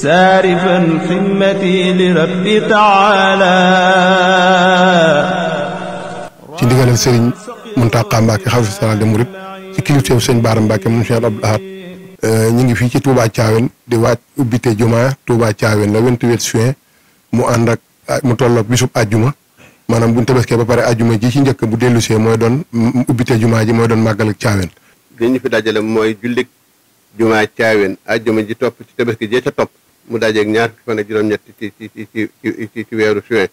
saarifan himmati li rabbi taala ci digalal Serigne Mountakha Mbacké xalifa général des mourides ci kilifteefu Serigne Bara Mbacké moom Cheikh euh, ñu ngi fii ci Touba Thiawéne di waaj ubbite jumaa Touba Thiawéne la 28 juin mu àndak ak mu tolloog bisub àjjuma maanaam buñ tabaskee ba pare àjjuma ji ci njëkk bu dellusee mooy doon ubbite jumaa ji mooy doon màggal ak Thiawéne li ñu fi dajale mooy jullik jumaa Thiawéne àjjuma ji topp ci tabaski jee ca topp mu dajeeg ñaar fan ak juróom-ñetti ci weeru juin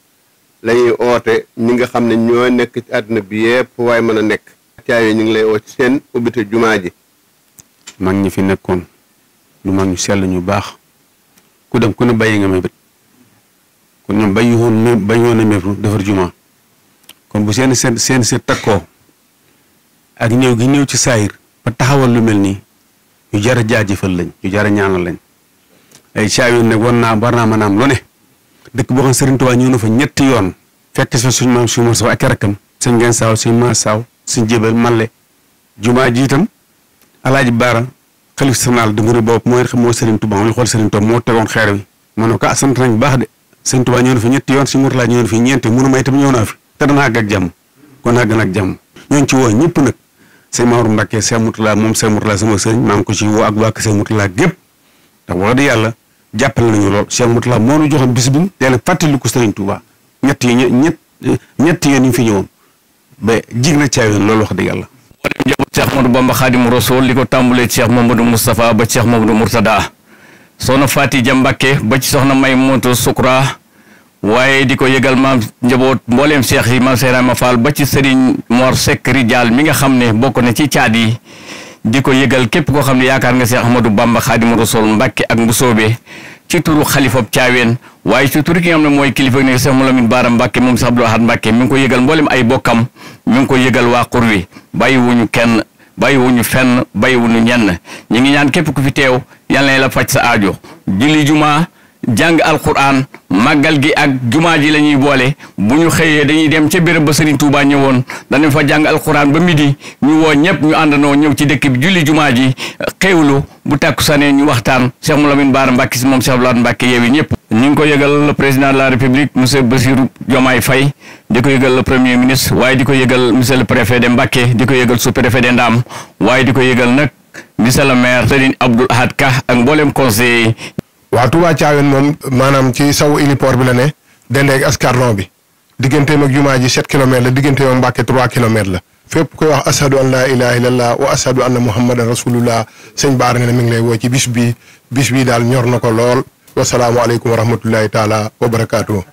la oote ñi nga xam ne ñoo nekk ci àdduna bi yépp waaye mën a nekk caayoo ñu ngi lay oo ci seen ubbite jumaa ji mag ñi fi nekkoon du mag ñu sell ñu baax ku dem ku ne bàyyi nga mébét kon ñoom bàyyi woon mé woon a mébét defar jumaa kon bu seen seen seen seen takkoo ak ñëw gi ñëw ci saayir ba taxawal lu mel nii ñu jar a jaajëfal lañ ñu jar a lañ ay caawiin ne war naa war naa mën a am lu ne dëkk boo xam Serigne Touba ñëw na fa ñetti yoon fekk fa suñ maam suñu saw ak rakkam suñ ngeen saaw suñ ma saaw suñ jébal malle jumaa jiitam alaaji baara xalif sanaal dungu ne boobu mooy moo Serigne Touba moo xool Serigne Touba moo tegoon xeer wi ma ne ko ah sant nañ baax ñetti yoon suñ Mourtala ñëw na fi ñeenti mënu ma itam ñëw naa fi te dana àgg ak jàmm kon àgg na ak jàmm ñooñu ci woo ñëpp nag sëñ Maodo Mbacke sëñ Mourtala moom sëñ Mourtala sama sëriñ maa ngi ko ci woo ak waa sëñ Mourtala gépp ndax wax dëgg yàlla jàppale nañu lool Cheikh Moutalla moo nu joxoon bis bi dee nag fàttaliku Serigne Touba ñett yi ñett ñett yoon yi fi ñëwoon ba jig na caayoon loolu wax dëgg yàlla. moo dem njaboot Cheikh Ahmadou Bamba Khadim Rasoul li ko tàmbalee Cheikh Mamadou Moustapha ba Cheikh Mamadou Mourtada soxna Faati Ja Mbàkke ba ci soxna May Mootu Sukra waaye di ko yëgal maam njaboot mbooleem Cheikh yi maam ma Fall ba ci Serigne Mor Seck Rijaal mi nga xam ne bokk na ci caat yi. di ko yëgal képp koo xam ne yaakaar nga Seex Ahmadu Bamba Xaadimu Rasuul Mbàkke ak Mbusoobe ci turu xalifob Caaween waaye ci turu ki nga xam ne mooy kilifa nekk Seex Lamin Baara Mbàkke moom Seex Abdul Ahad Mbàkke mi ngi ko yëgal mboolem ay bokkam mi ngi ko yëgal waa xur wi bàyyi wuñu kenn bàyyi wuñu fenn bàyyi wuñu ñenn ñi ngi ñaan képp ku fi teew yal na la faj sa aajo julli jumaa jàng alquran màggal gi ak jumaa ji la ñuy boole bu ñu xëyee dañuy dem ca béréb ba Serigne Touba ñëwoon danañ fa jàng al alquran ba midi ñu woo ñëpp ñu àndanoo ñëw ci dëkk bi julli jumaa ji xéewlu bu tàkku sanee ñu waxtaan Cheikh Moulamine Bara Mbacké si moom Cheikh Abdoulaye Mbacké yeewi ñëpp ñu ngi ko yëgal le président de la république monsieur Bassirou Diomaye Faye di ko yëgal le premier ministre waaye di ko yëgal monsieur le préfet de Mbacké di ko yëgal sous préfet de Ndam waaye di ko yëgal nag monsieur le maire Serigne Abdoul Ahad Ka ak mboolem conseil waa Touba Thiawén moom maanaam ci sawu héliport bi la ne dendeeg escarlon bi digganteem ak jumaa ji 7 kilomètres la digganteem ak Mbàkke 3 kilomètres la fépp koy wax ashadu an laa ilaha illallah wa ashadu anna muhammadan rasulullah sëñ Baar ne mi ngi lay woo ci bis bi bis bi daal ñor na ko lool wasalaamualeykum wa rahmatullahi taala wa barakaatu.